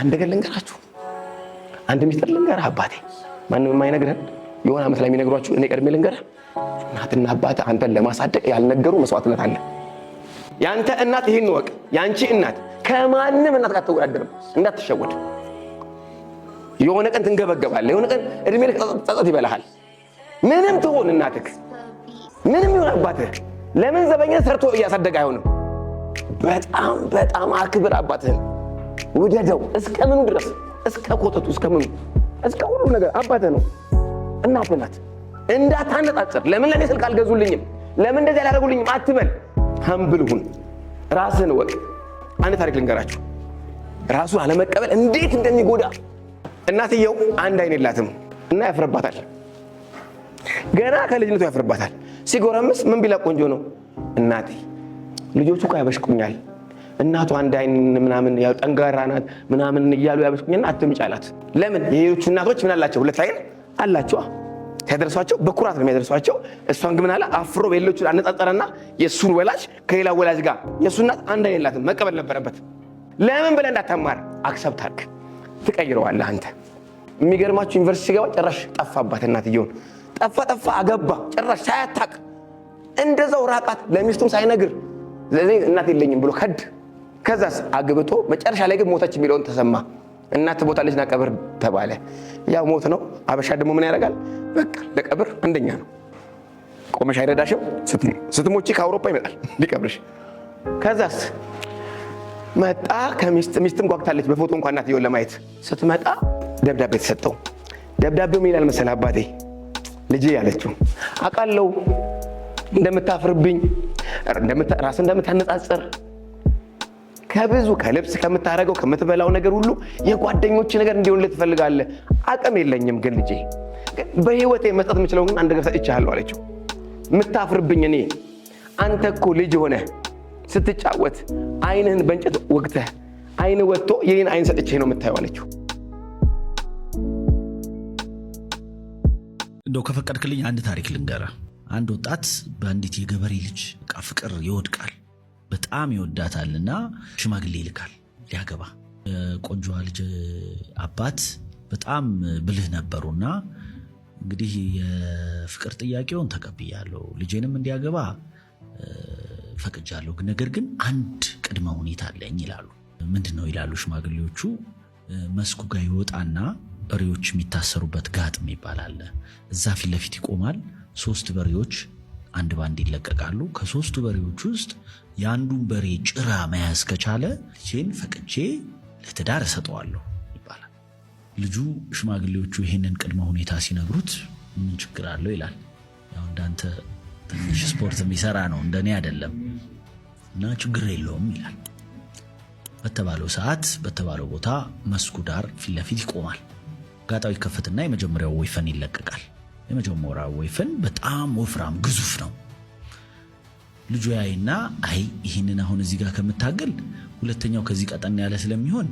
አንድ ነገር ልንገራችሁ፣ አንድ ሚስጥር ልንገርህ አባቴ። ማንም የማይነግረን የሆነ ዓመት ላይ የሚነግሯችሁ እኔ ቀድሜ ልንገርህ። እናትና አባት አንተን ለማሳደግ ያልነገሩ መስዋዕትነት አለ። የአንተ እናት ይህን ወቅ የአንቺ እናት ከማንም እናት ጋር አትወዳደርም። እንዳትሸወድ። የሆነ ቀን ትንገበገባለህ። የሆነ ቀን እድሜ ልክ ጸጸት ይበልሃል። ምንም ትሆን እናትህ፣ ምንም ይሆን አባትህ፣ ለምን ዘበኛ ሰርቶ እያሳደገ አይሆንም። በጣም በጣም አክብር አባትህን። ውደደው እስከ ምኑ ድረስ እስከ ኮተቱ እስከ ምኑ እስከ ሁሉ ነገር አባተ ነው። እናትህ ናት። እንዳታነጣጥር። ለምን ለእኔ ስልክ አልገዙልኝም፣ ለምን እንደዚህ አላደረጉልኝም አትበል። ሀምብል ሁን፣ ራስን ወቅ አንድ ታሪክ ልንገራችሁ። ራሱን አለመቀበል እንዴት እንደሚጎዳ እናትየው አንድ አይን የላትም እና ያፍርባታል። ገና ከልጅነቱ ያፍርባታል። ሲጎረምስ ምን ቢላ ቆንጆ ነው እናቴ ልጆቹ እኮ ያበሽቁኛል እናቷ አንድ አይን ምናምን ያው ጠንጋራ ናት ምናምን እያሉ ያበሽኩኝና አትምጭ አላት። ለምን የሌሎቹ እናቶች ምን አላቸው? ሁለት አይን አላቸዋ። ሲያደርሷቸው በኩራት ነው የሚያደርሷቸው። እሷን ግን ምን አለ አፍሮ በሌሎቹ አነጣጠረና የእሱን ወላጅ ከሌላ ወላጅ ጋር የእሱ እናት አንድ አይን የላትም መቀበል ነበረበት። ለምን ብለህ እንዳታማር አክሰብት አድርግ፣ ትቀይረዋለህ አንተ። የሚገርማችሁ ዩኒቨርሲቲ ሲገባ ጭራሽ ጠፋባት እናትየውን። ጠፋ ጠፋ አገባ ጭራሽ ሳያታቅ እንደዛው ራቃት፣ ለሚስቱም ሳይነግር። እናት የለኝም ብሎ ከድ ከዛስ አግብቶ መጨረሻ ላይ ግን ሞተች የሚለውን ተሰማ። እናት ትሞታለች ና ቀብር ተባለ። ያው ሞት ነው። አበሻ ደግሞ ምን ያደርጋል? በቃ ለቀብር አንደኛ ነው። ቆመሽ አይረዳሽም። ስትሞቺ ከአውሮፓ ይመጣል ሊቀብርሽ። ከዛስ መጣ ከሚስት ሚስትም ጓግታለች በፎቶ እንኳ እናትየውን ለማየት ስትመጣ ደብዳቤ ተሰጠው። ደብዳቤው ምን ይላል አባቴ ልጄ ያለችው አውቃለሁ እንደምታፍርብኝ ራስ እንደምታነጻጽር ከብዙ ከልብስ ከምታደርገው ከምትበላው ነገር ሁሉ የጓደኞች ነገር እንዲሆን ልትፈልጋለ አቅም የለኝም ግን ልጄ በህይወቴ መስጠት የምችለው ግን አንድ ነገር ሰጥቼሃለሁ አለችው። የምታፍርብኝ እኔ አንተ እኮ ልጅ ሆነ ስትጫወት አይንህን በእንጨት ወግተህ አይን ወጥቶ የኔን አይን ሰጥቼ ነው የምታየው አለችው። እንደው ከፈቀድክልኝ አንድ ታሪክ ልንገራ። አንድ ወጣት በአንዲት የገበሬ ልጅ ቃ ፍቅር ይወድቃል። በጣም ይወዳታልና ሽማግሌ ይልካል ሊያገባ። ቆንጆዋ ልጅ አባት በጣም ብልህ ነበሩና እንግዲህ የፍቅር ጥያቄውን ተቀብያለሁ፣ ልጄንም እንዲያገባ ፈቅጃለሁ። ነገር ግን አንድ ቅድመ ሁኔታ አለኝ ይላሉ። ምንድን ነው ይላሉ ሽማግሌዎቹ። መስኩ ጋር ይወጣና በሬዎች የሚታሰሩበት ጋጥም ይባላል። እዛ ፊት ለፊት ይቆማል። ሶስት በሬዎች አንድ ባንድ ይለቀቃሉ። ከሶስቱ በሬዎች ውስጥ የአንዱን በሬ ጭራ መያዝ ከቻለ ልጄን ፈቅጄ ለትዳር እሰጠዋለሁ ይባላል። ልጁ ሽማግሌዎቹ ይሄንን ቅድመ ሁኔታ ሲነግሩት ምን ችግር አለው ይላል። ያው እንዳንተ ትንሽ ስፖርት የሚሰራ ነው እንደኔ አይደለም እና ችግር የለውም ይላል። በተባለው ሰዓት በተባለው ቦታ መስኩ ዳር ፊት ለፊት ይቆማል። ጋጣው ይከፈትና የመጀመሪያው ወይፈን ይለቀቃል። የመጀመሪያው ወይፈን በጣም ወፍራም ግዙፍ ነው። ልጁ ያይና አይ ይህንን አሁን እዚህ ጋር ከምታገል ሁለተኛው ከዚህ ቀጠን ያለ ስለሚሆን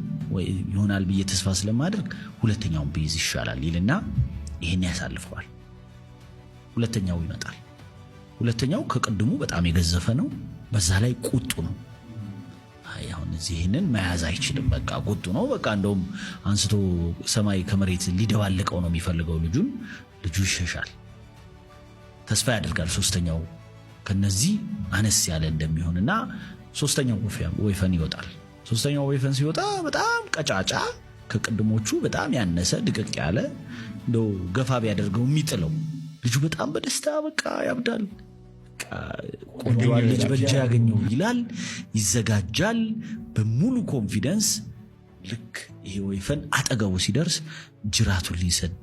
ይሆናል ብዬ ተስፋ ስለማደርግ ሁለተኛውን ብይዝ ይሻላል ይልና ይህን ያሳልፈዋል። ሁለተኛው ይመጣል። ሁለተኛው ከቅድሙ በጣም የገዘፈ ነው። በዛ ላይ ቁጡ ነው። አሁን ይህንን መያዝ አይችልም። በቃ ቁጡ ነው። በቃ እንደውም አንስቶ ሰማይ ከመሬት ሊደባልቀው ነው የሚፈልገው ልጁን። ልጁ ይሸሻል፣ ተስፋ ያደርጋል ሶስተኛው ከነዚህ አነስ ያለ እንደሚሆንና ሶስተኛው ወይፈን ይወጣል። ሶስተኛው ወይፈን ሲወጣ በጣም ቀጫጫ ከቅድሞቹ በጣም ያነሰ ድቅቅ ያለ እንደው ገፋ ቢያደርገው የሚጥለው ልጁ በጣም በደስታ በቃ ያብዳል። ቆንጆ ልጅ በእጃ ያገኘው ይላል፣ ይዘጋጃል በሙሉ ኮንፊደንስ። ልክ ይሄ ወይፈን አጠገቡ ሲደርስ ጅራቱን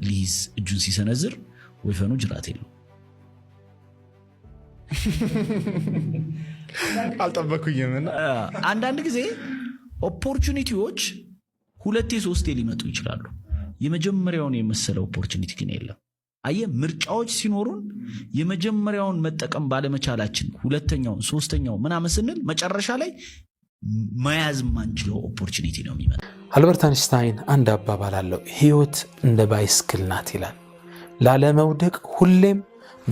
ሊይዝ እጁን ሲሰነዝር ወይፈኑ ጅራት የለው። አልጠበኩኝም። አንዳንድ ጊዜ ኦፖርቹኒቲዎች ሁለቴ ሶስቴ ሊመጡ ይችላሉ። የመጀመሪያውን የመሰለ ኦፖርቹኒቲ ግን የለም። አየ ምርጫዎች ሲኖሩን የመጀመሪያውን መጠቀም ባለመቻላችን ሁለተኛውን፣ ሶስተኛው ምናምን ስንል መጨረሻ ላይ መያዝ ማንችለው ኦፖርቹኒቲ ነው የሚመጣ። አልበርት አንስታይን አንድ አባባል አለው፣ ህይወት እንደ ባይስክል ናት ይላል። ላለመውደቅ ሁሌም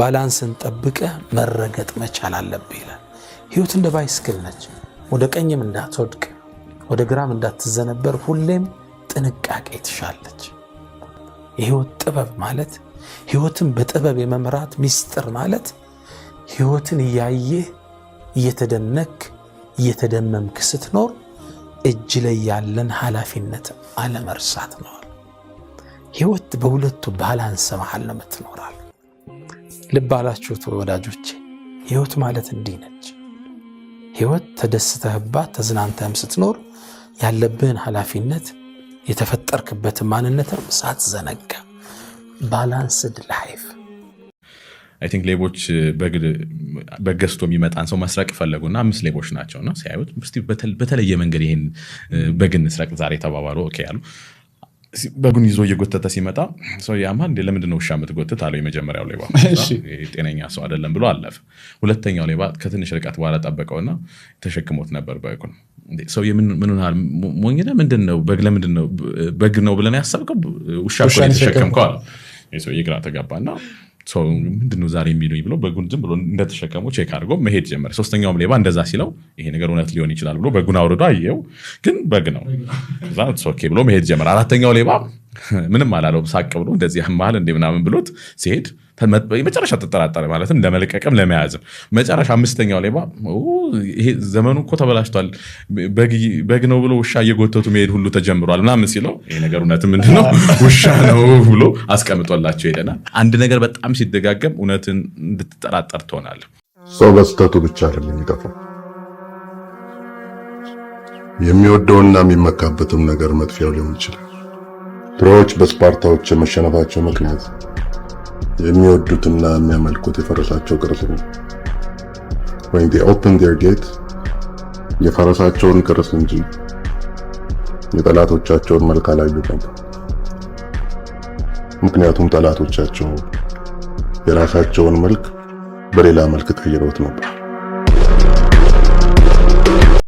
ባላንስን ጠብቀ መረገጥ መቻል አለብህ ይላል። ህይወት እንደ ባይስክል ነች፣ ወደ ቀኝም እንዳትወድቅ፣ ወደ ግራም እንዳትዘነበር ሁሌም ጥንቃቄ ትሻለች። የህይወት ጥበብ ማለት ህይወትን በጥበብ የመምራት ሚስጥር ማለት ህይወትን እያየህ እየተደነክ እየተደመምክ ስትኖር እጅ ላይ ያለን ኃላፊነት አለመርሳት ነዋል። ህይወት በሁለቱ ባላንስ መሃል ነው የምትኖራል። ልብ አላችሁት ወዳጆቼ? ህይወት ማለት እንዲህ ነች። ህይወት ተደስተህባት ተዝናንተህም ስትኖር ያለብህን ኃላፊነት የተፈጠርክበትን ማንነትም ሳትዘነጋ ባላንስድ ላይፍ አይ ቲንክ ሌቦች በገዝቶ የሚመጣን ሰው መስረቅ ፈለጉና አምስት ሌቦች ናቸውና ሲያዩት በተለየ መንገድ ይህን በግን ስረቅ ዛሬ ተባባሉ ያሉ በጉን ይዞ እየጎተተ ሲመጣ ሰው ያማ እንዴ ለምንድን ነው ውሻ የምትጎትት አለው። የመጀመሪያው ሌባ ጤነኛ ሰው አይደለም ብሎ አለፈ። ሁለተኛው ሌባ ከትንሽ ርቀት በኋላ ጠበቀውና ተሸክሞት ነበር። በግን ሰው ምንል ል ሞኝነ ምንድን ነው በግ ለምንድን ነው በግ ነው ብለን ያሰብከው ውሻ ተሸከምከው አለው። የሰውዬ የግራ ተጋባና ምንድነው ዛሬ የሚሉኝ ብሎ በጉን ዝም ብሎ እንደተሸከሙ ቼክ አድርጎ መሄድ ጀመረ። ሶስተኛውም ሌባ እንደዛ ሲለው ይሄ ነገር እውነት ሊሆን ይችላል ብሎ በጉን አውርዶ አየው፣ ግን በግ ነው። ኦኬ ብሎ መሄድ ጀመረ። አራተኛው ሌባ ምንም አላለውም። ሳቅ ብሎ እንደዚህ መል እንደ ምናምን ብሎት ሲሄድ መጨረሻ ተጠራጠረ። ማለትም ለመለቀቅም ለመያዝም መጨረሻ አምስተኛው ሌባ ይሄ ዘመኑ እኮ ተበላሽቷል፣ በግ ነው ብሎ ውሻ እየጎተቱ መሄድ ሁሉ ተጀምሯል ምናምን ሲለው ይሄ ነገር እውነት ምንድን ነው ውሻ ነው ብሎ አስቀምጦላቸው ሄደናል። አንድ ነገር በጣም ሲደጋገም እውነትን እንድትጠራጠር ትሆናል። ሰው በስተቱ ብቻ አይደለም የሚጠፋው የሚወደውና የሚመካበትም ነገር መጥፊያው ሊሆን ይችላል። ትሮዎች በስፓርታዎች የመሸነፋቸው ምክንያት የሚወዱትና የሚያመልኩት የፈረሳቸው ቅርጽ ነው። ወይ ዲ ኦፕን ዴር ጌት የፈረሳቸውን ቅርጽ እንጂ የጠላቶቻቸውን መልክ አላዩም። ምክንያቱም ጠላቶቻቸው የራሳቸውን መልክ በሌላ መልክ ቀይረውት ነበር።